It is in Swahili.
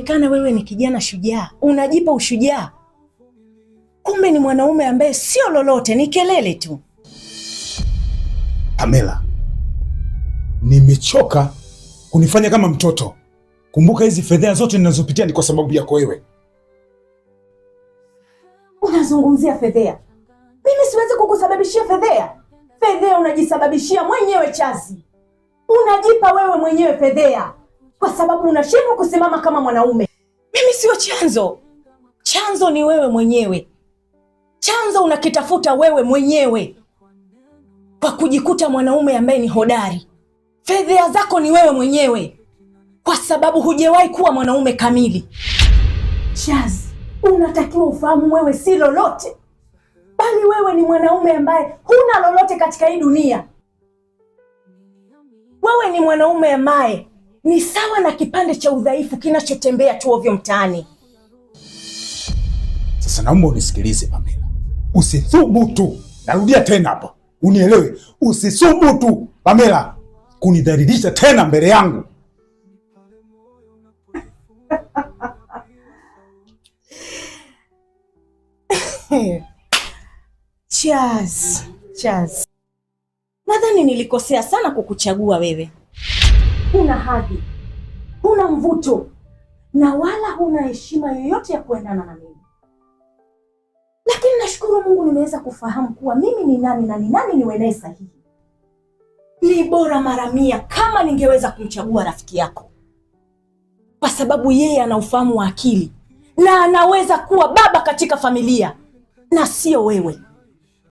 kana wewe ni kijana shujaa, unajipa ushujaa, kumbe ni mwanaume ambaye sio lolote, ni kelele tu. Pamela, nimechoka kunifanya kama mtoto. Kumbuka hizi fedheha zote ninazopitia ni kwa sababu yako wewe. Unazungumzia fedheha? Mimi siwezi kukusababishia fedheha. Fedheha unajisababishia mwenyewe, Chazi, unajipa wewe mwenyewe fedheha kwa sababu unashindwa kusimama kama mwanaume. Mimi sio chanzo, chanzo ni wewe mwenyewe. Chanzo unakitafuta wewe mwenyewe kwa kujikuta mwanaume ambaye ni hodari. fedha zako ni wewe mwenyewe, kwa sababu hujawahi kuwa mwanaume kamili. chaz unatakiwa ufahamu wewe si lolote, bali wewe ni mwanaume ambaye huna lolote katika hii dunia. Wewe ni mwanaume ambaye ni sawa na kipande cha udhaifu kinachotembea tu ovyo mtaani. Sasa naomba unisikilize Pamela, usithubutu, narudia tena hapa, unielewe, usithubutu Pamela kunidhalilisha tena mbele yangu. Chaz, Chaz. Nadhani nilikosea sana kukuchagua wewe huna hadhi, huna mvuto na wala huna heshima yoyote ya kuendana na mimi. Lakini nashukuru Mungu nimeweza kufahamu kuwa mimi ni nani na ni nani niwe naye sahihi. Ni bora mara mia kama ningeweza kumchagua rafiki yako, kwa sababu yeye ana ufahamu wa akili na anaweza kuwa baba katika familia na sio wewe.